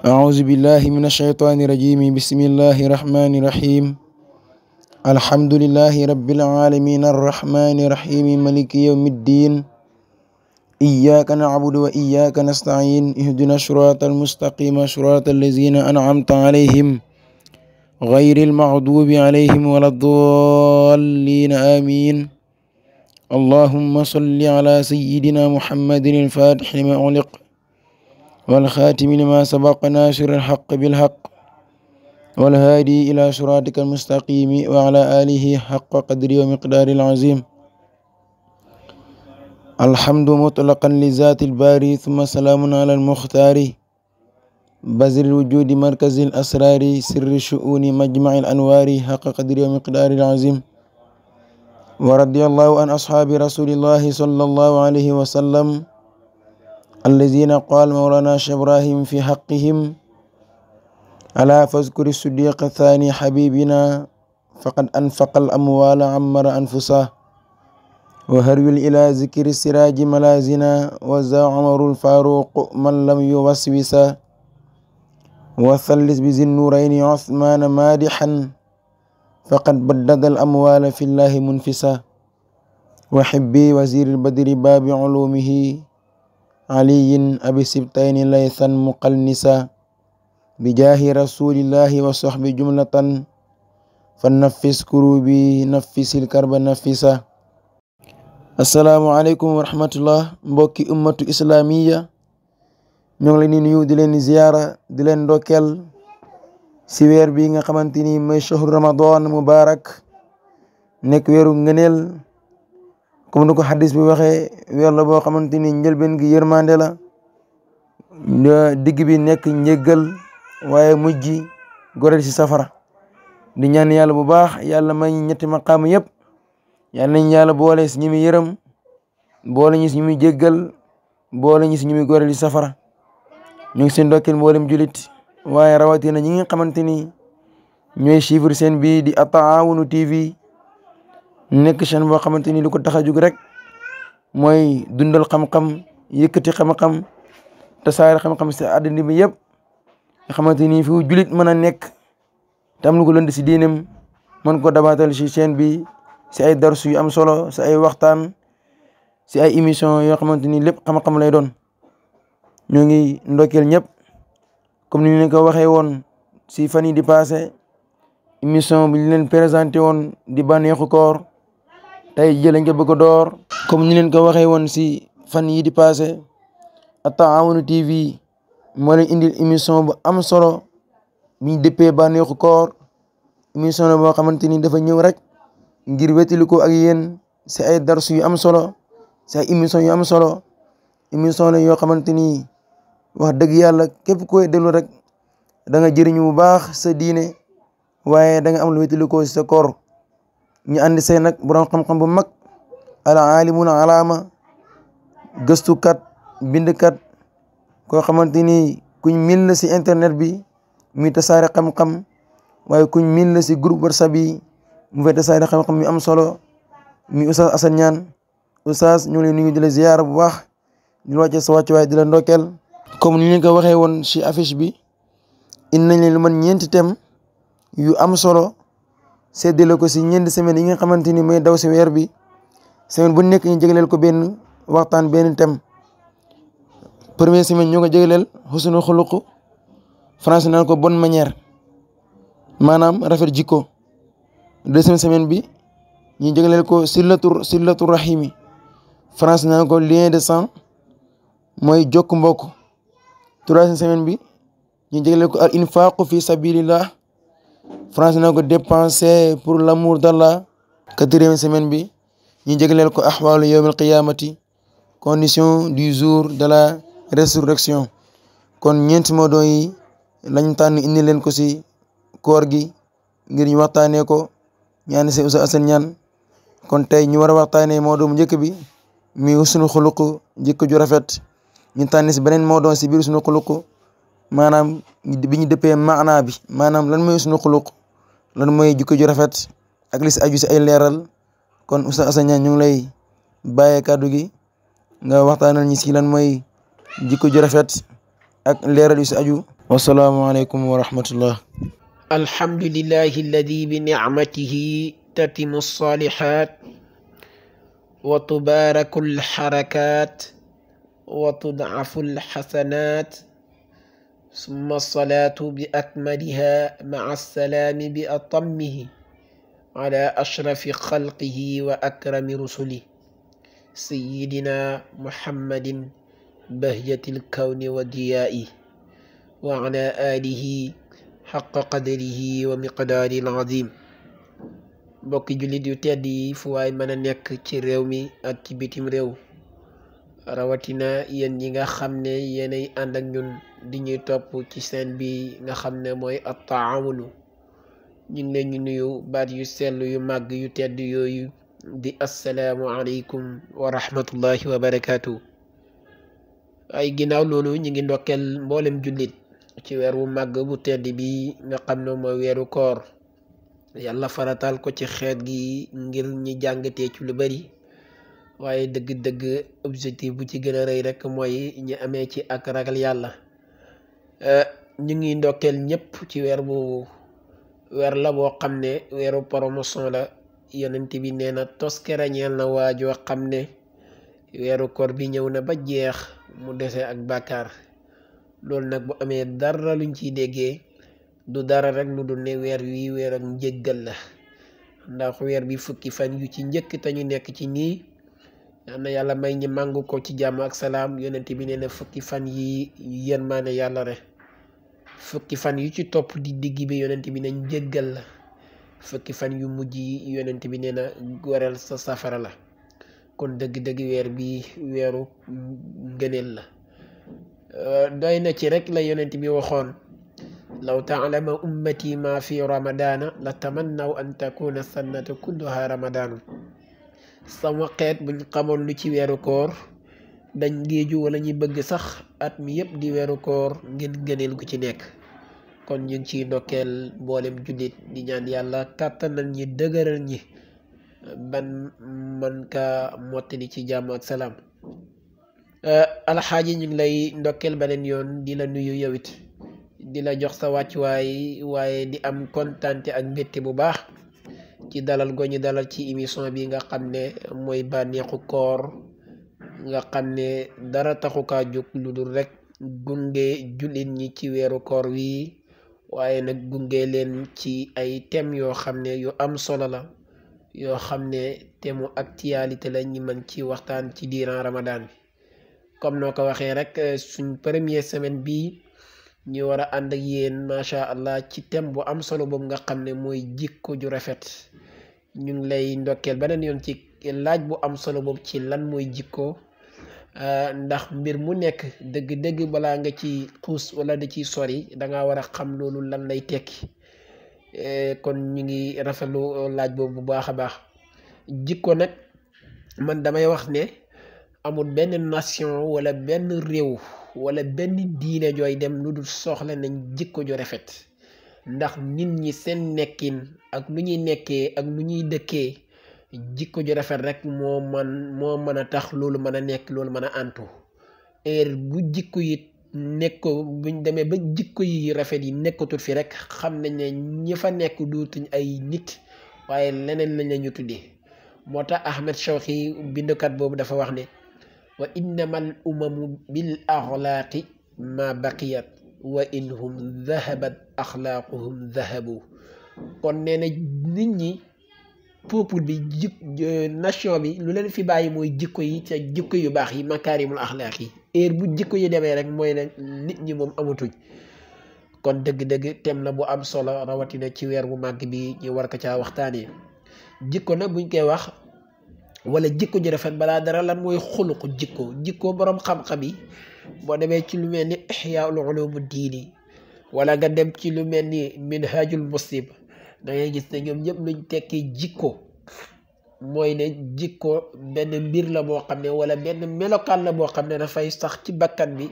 أعوذ بالله من الشيطان الرجيم بسم الله الرحمن الرحيم الحمد لله رب العالمين الرحمن الرحيم ملك يوم الدين إياك نعبد وإياك نستعين اهدنا الصراط المستقيم صراط الذين أنعمت عليهم غير المغضوب عليهم ولا الضالين آمين اللهم صل على سيدنا محمد الفاتح لما أغلق والخاتم لما سبق ناشر الحق بالحق والهادي إلى شراطك المستقيم وعلى آله حق قدر ومقدار العظيم الحمد مطلقا لذات الباري ثم سلام على المختار بزر الوجود مركز الأسرار سر الشؤون مجمع الأنوار حق قدر ومقدار العظيم ورضي الله عن أصحاب رسول الله صلى الله عليه وسلم الذين قال مولانا شبراهيم في حقهم ألا فاذكر الصديق الثاني حبيبنا فقد أنفق الأموال عمر أنفسه وهرول إلى ذكر السراج ملازنا وزا عمر الفاروق من لم يوسوس وثلث بذي النورين عثمان مادحا فقد بدد الأموال في الله منفسا وحبي وزير البدر باب علومه علي أبي السبتين ليثا مقلنسا بجاه رسول الله وصحبه جملة فنفس كروبي نفس الكرب نفسا asalaamaaleykum wa rahmatullah mbokki ummatu islaamiya ñoo ngi leen di nuyu di leen ziyaara di leen ndokkeel si weer bi nga xamante ni mooy shahru ramadan mubarak nekk weeru ngëneel comme ni ko xadis bi waxee weer boo xamante ni njëlbeen gi yërmande la digg bi nekk njëggal waaye mujj goreel si safara di ñaan yàlla bu baax yàlla may ñetti maqaam yëpp yàlla nañ yàlla boole si ñi muy yërëm boole ñu si ñu muy jéggal boole ñu si ñu muy goreel si safara ñu ngi seen ndokkeel mboolem julit waaye rawatina ñi nga xamante ni ñooy suivre seen bii di At-Tahawun TV nekk chaîne boo xamante ni lu ko tax a jug rek mooy dundal xam-xam yëkkati xam-xam tasaare xam-xam si àddina bi yëpp nga xamante ni fi julit mën a nekk te am lu ko lënd si diinam mën ko dabaatal si chaîne bi si ay darsu yu am solo si ay waxtaan si ay émission yoo xamante ni lépp xam-xam lay doon ñoo ngi ndokkeel ñëpp comme ni ñu ko waxee woon si fan yi di passé émission bi ñu leen présenté woon di bànneexu koor tay jii lañ ko bëgg door comme ñu leen ko waxé won si fan yi di passé at TV mo leen indil émission bu am solo biñ ba bànneexu koor émission bo xamanteni dafa ñëw rek ngir wétali ko ak yeen ci ay dars yu am solo ci ay émission yu am solo émission yo xamanteni wax dëgg yalla képp koy déllu rek da nga jëriñu bu baax sa diine waye da nga am lu wétali ko sa koor ñu andi seen nak borom xam-xam bu mag ala alimun gestu kat bind kat ko ni kuñ mil la si internet bi mi tassare xam-xam waye kuñ mil la si groupe whatsapp bi mu fe tassare xam-xam mi am solo mi Oustaz Assane ñaan Oustaz ñu leen ñu nuyu di la ziyaara bu baax ñu wacce sa wàcc di la comme ñu ko waxe won si affiche bi in nañ lu man ñent tem yu am solo séddale ko si ñeenti semaine yi nga xamante ni mooy daw si weer bi semaine bu nekk ñu jégleel ko benn waxtaan benn thème premier semaine ñoo ko jégleel xusnu xuluq français naan ko bonne manière maanaam rafet jikko deuxième semaine bi ñu jégleel ko sillatur sillatur rahimi français naan ko lien de sang mooy jokk mbokk troisième semaine bi ñu jégleel ko al infaqu fi sabilillah France na ko dépensé pour l'amour d'Allah quatrième semaine bi ñu jégleel ko ahwalu yawm al qiyamati condition du jour de la résurrection kon ñeent moodo yi lañ tànn indi leen ko si koor gi ngir ñu waxtaanee ko ñaani si usa ñaan kon tey ñu war waxtaanee moodo mu njëkk bi mi husnul xuluq jikko ju rafet ñu tànn si beneen moodo si biir husnul xuluq maanaam bi ñu dëppee maanaa bi maanaam lan mooy sunu xuluq lan mooy jikko ju rafet ak li ay leeral kon Oustaz Assane Niang ñu ngi lay bàyyee kàddu gi nga waxtaanal ñi si lan mooy jikko ju rafet ak leeral yu si aju wasalaamualeykum wa rahmatullah alhamdulillahi alladi bi nicmatihi tatimu salihat wa tubaaraku alxarakat wa tudcafu alxasanat ثم الصلاة بأكملها مع السلام بأطمه على أشرف خلقه وأكرم رسله سيدنا محمد بهجة الكون وديائه وعلى آله حق قدره ومقداره العظيم بوكي jullit yu tedd yi fu waay mën a nekk ci rawatina yéen yi nga xam ne yéenay ànd ak ñun di ñuy topp ci seen bi nga xam ne mooy at-taawunu ñu ngi leen ñu nuyu baat yu sell yu màgg yu tedd yooyu di assalaamu aleykum wa rahmatullahi ay ginnaaw loolu ñu ngi ndokkeel mboolem jullit ci weer wu màgg bu tedd bi nga xam ne mooy weeru koor yàlla faratal ko ci xeet gi ngir ñi jàngatee ci lu bari waaye dëgg-dëgg objectif bu ci gën a rëy rek mooy ñi amee ci ak ragal yàlla euh, ñu ngi ndokkeel ñëpp ci weer bu weer la boo xam ne weeru promotion la yonent bi nee na ñeel na waajoo xam ne weeru koor bi ñëw na ba jeex mu dese ak bàkkaar loolu nag bu amee dara luñ ci déggee du dara rek lu dul ne weer wi weer ak njëggal la ndax weer bi fukki fan yu ci njëkk te nekk ci nii yal yàlla may ñi màngu ko ci jàmm ak salaam yonent bi nee na fukki fan yi yërmaane yàlla re fukki fan yu ci topp di digg bi yonent bi nañ jëggal la fukki fan yu mujj yi yonent bi nee na goreel sa safara la kon dëgg-dëgg weer bi weeru ngëneel la euh, doy na ci rek la yonent bi waxoon law taalama ummati ma fi ramadaana la tamannaw an takuna sannata kulluha ramadaanu sama xeet buñ xamoon lu ci weeru koor dañ géeju wala ñuy bëgg sax at mi yëpp di weeru koor ngeen gëneel gu ci nekk kon ñu ngi ciy ndokkeel booleem jullit di ñaan yàlla kàttanal ñi dëgëral ñi ban man ka mottali ci jàmm ak salaam euh, alxaaji ñu ngi lay ndokkeel beneen yoon di la nuyu yow it di la jox sa wàccuwaay waaye di am kontante ak mbégte bu baax ci dalal goñi dalal ci émission bi nga xam ne mooy bànneexu koor nga xam ne dara taxu kaa jóg lu dul rek gunge jullit ñi ci weeru koor wi waaye nag gunge leen ci ay thèmes yoo xam ne yu am solo la yoo xam ne temu mu actualité la ñi mën ci waxtaan ci diiran Ramadan bi comme noo ko waxee rek suñ première semaine bii. ñu war a ànd ak yéen macha allah ci thème bu am solo boobu nga xam ne mooy jikko ju rafet ñu ngi lay ndokkeel beneen yoon ci laaj bu am solo boobu ci lan mooy jikko ah, ndax mbir mu nekk dëgg-dëgg balaa nga ci xuus wala di ciy sori da ngaa war a xam loolu lan lay tekki eh, kon ñu ngi rafetlu laaj boobu bu baax a baax jikko nag man damay wax ne. amul benn nation wala benn réew wala benn diine jooy dem lu dul soxla nañ jikko ju rafet ndax nit ñi seen nekkin ak lu ñuy nekkee ak lu ñuy dëkkee jikko ju rafet rek moo man moo mën a tax loolu mën a nekk loolu mën a antu eer bu jikko yi nekk buñ demee ba jikko yi rafet yi nekkatul fii rek xam nañ ne ñi fa nekk dootuñ ay nit waaye leneen lañ la ñu tuddee moo tax Ahmed Shawqi bindukat boobu dafa wax ne وإنما الأمم بالأغلاق ما بقيت وإنهم ذهبت أخلاقهم ذهبوا كون نينا نيت ني بوبول بي جيك ناسيون بي لولين في باي موي جيكو يي تي جيكو يو باخ يي مكارم الاخلاق يي اير بو جيكو يي ديمي رك موي نيت ني موم اموتوج كون دغ دغ تيم لا بو ام سولو رواتينا تي وير بو ماغ بي ني وركا تا واختاني جيكو نا بوين كاي واخ wala jikko ji rafet balaa dara lan mooy xuluq jikko jikko borom xam-xam yi boo demee ci lu mel ni ixyaul ulumu diini wala nga dem ci lu mel ni minhajul muslim da ngay gis ne ñoom ñëpp luñ tekki jikko mooy ne jikko benn mbir la boo xam ne wala benn melokaan la boo xam ne dafay sax ci bakkan bi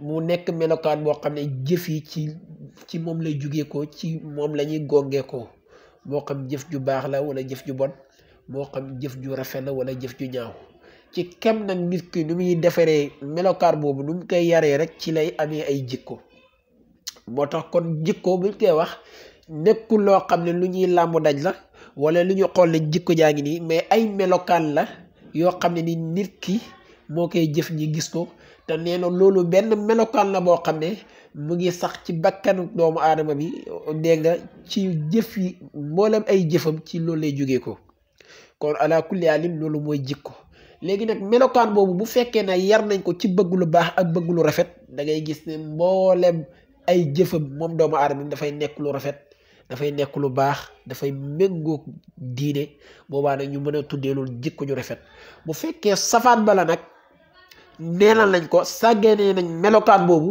mu nekk melokaan boo xam ne jëf yi ci ci moom lay jugee ko ci moom la ñuy gongee ko moo xam jëf ju baax la wala jëf ju bon boo xam jëf ju rafet la wala jëf ju ñaaw ci kem nag nit ki nu muy defaree melokaan boobu nu mu koy yaree rek ci lay amee ay jikko moo tax kon jikko buñ koy wax nekkul loo xam ne lu ñuy làmb daj la wala lu ñu xool ne jikko jaa ngi nii mais ay melokaan la yoo xam ne ni nit ki moo koy jëf ñi gis ko te nee na loolu benn melokaan la boo xam ne mu ngi sax ci bakkanu doomu aadama bi dégg nga ci jëf yi mboolem ay jëfam ci loolu lay jógee ko kon ala kulli alim loolu mooy jikko léegi nag melokaan boobu bu fekkee ne yar nañ ko ci bëgg lu baax ak bëgg lu rafet da ngay gis ne mboolem ay jëfam moom doomu aadama dafay nekk lu rafet dafay nekk lu baax dafay méngoog diine boobaa nag ñu mën a tuddee loolu jikko rafet bu fekkee safaan bala nag neenal nañ ko sàgganee nañ melokaan boobu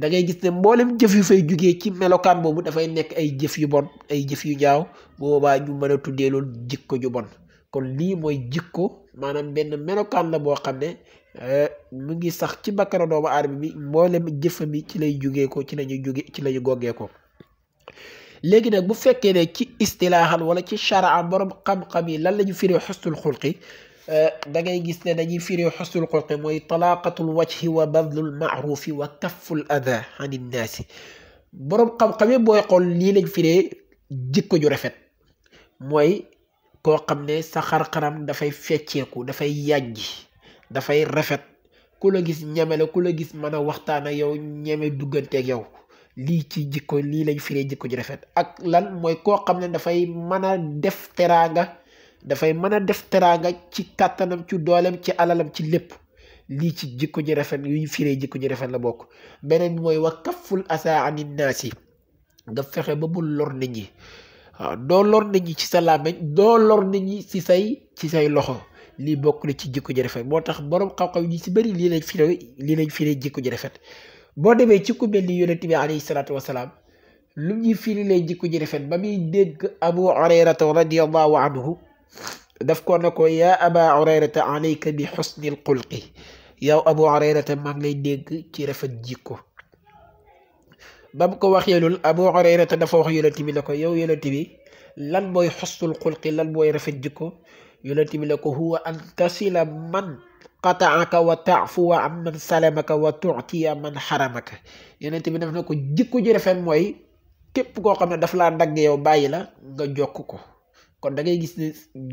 da ngay gis ne mboolem jëf yu fay jugee ci melokaan boobu dafay nekk ay jëf yu bon ay jëf yu ñaaw boobaa ñu mën a tuddee loolu jikko ju bon kon li moy jikko manam ben melokaan la bo xamne ne mu ngi sax ci bakara doomu aadama bi mboolem jëfam yi ci lay juggé ko ci lañu juggé ci lañu goggé ko légui nak bu fekké ne ci istilahan wala ci shar'a borom qam xam lan lañu firi husul khulqi xulqi da ngay gis ne dañuy firi husul khulqi moy talaqatul wajhi wa badlul ma'ruf wa kafful adha ani naasi borom qam xam boy xol li lañu lañ jikko ju rafet moy koo xam ne sa xar-xaram dafay fecceeku dafay yàjj dafay rafet ku la gis ñeme la ku la gis mën a waxtaan ak yow ñeme dugganteeg yow lii ci jikko lii lañ firee jikko ji rafet ak lan mooy koo xam ne dafay mën a def teraanga dafay mën a def teraanga ci kàttanam ci dooleem ci alalam ci lépp lii ci jikko ji rafet yuñ firee jikko ji rafet la bokk beneen mooy wa kaful asa anin naasi nga fexe ba bul lor nit ñi waaw doo lor nit ñi ci sa làmmiñ doo lor nit ñi ci say ci say loxo lii bokk na ci jikko ji rafet moo tax borom xam-xam yi ci bëri lii lañ fi lii lañ fi jikko ji rafet boo demee ci ku mel ni yonent bi alayhi salaatu wasalaam lu ñuy firi lay jikko ji rafet ba muy dégg abu hurayrata radiallahu anhu daf ko ne ko yaa aba hurayrata alayka bi xusnil xulqi yow abu hurayrata maa ngi lay dégg ci rafet jikko ba mu ko waxee loolu Abu Hurayra te dafa wax yonent bi ne ko yow yonent bi lan booy xusnul xulqi lan booy rafet jikko yonent bi ne ko huwa an tasila man qataaka wa taafuwa am man salamaka wa tuutiya man xaramaka yonent bi daf ne ko jikko ji rafet mooy képp koo xam ne daf laa dagg yow bàyyi la nga jokk ko kon da ngay gis ne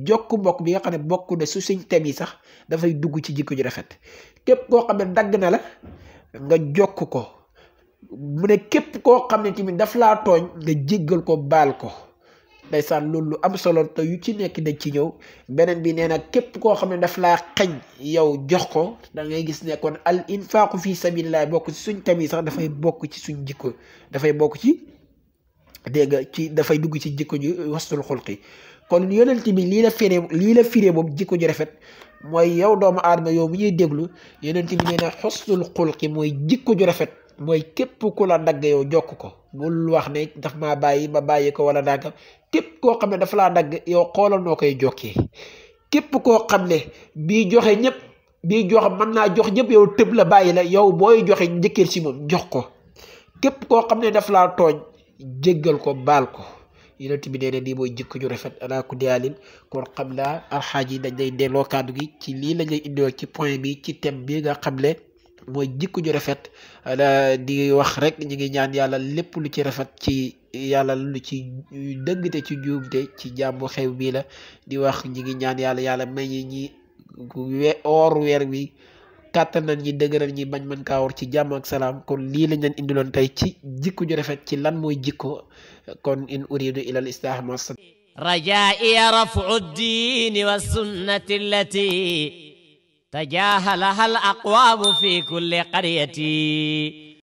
jokk mbokk bi nga xam ne bokk na su suñ tem yi sax dafay dugg ci jikko ji rafet képp koo xam ne dagg na la nga jokk ko mu ne képp koo xam ne tamit daf laa tooñ nga jéggal ko baal ko ndeysaan loolu lu am solo te yu ci nekk dañ ci ñëw beneen bi nee na képp koo xam ne daf laa xañ yow jox ko da ngay gis ne kon al infaqu fi sabilillah bokk ci suñ tamit sax dafay bokk ci suñ jikko dafay bokk ci dégg ci dafay dugg ci jikko ji wastul xulqi kon yonent bi lii la firee lii la firee moom jikko ju rafet mooy yow doomu aadama yow mi ñuy déglu yonent bi nee na xusnul xulqi mooy jikko ju rafet mooy képp ku la dagg yow jokk ko bul wax ne ndax maa bàyyi ma bàyyi ko wala dàggam képp koo xam ne dafa laa dagg yow xoolal noo koy jokkee képp koo xam ne bii joxe ñëpp bii jox mën naa jox ñëpp yow tëb la bàyyi la yow booy joxe njëkkeel ci moom jox ko képp koo xam ne daf laa tooñ jéggal ko baal ko yonent bi nee na lii mooy jikko ju rafet ala ku diyaalin kon xam naa alxaaj yi dañ lay delloo kàddu gi ci lii la ñuy indiwoon ci point bi ci thème bi nga xam ne mooy jikko ju rafet di wax rek ñu ngi ñaan yàlla lépp lu ci rafet ci yàlla lu ci dëngte ci juumte ci jàmbu xew bii la di wax ñu ngi ñaan yàlla yàlla may ñi ñi oor weer wi kàttan nañ ñi dëgëral ñi bañ mën kaawar ci jàmm ak salaam kon lii lañ leen indiloon tey ci jikko ju rafet ci lan mooy jikko kon in uridu ila al islaaha ma rajaa rafu ddiini wa sunnati allati تجاهلها الأقوام في كل قرية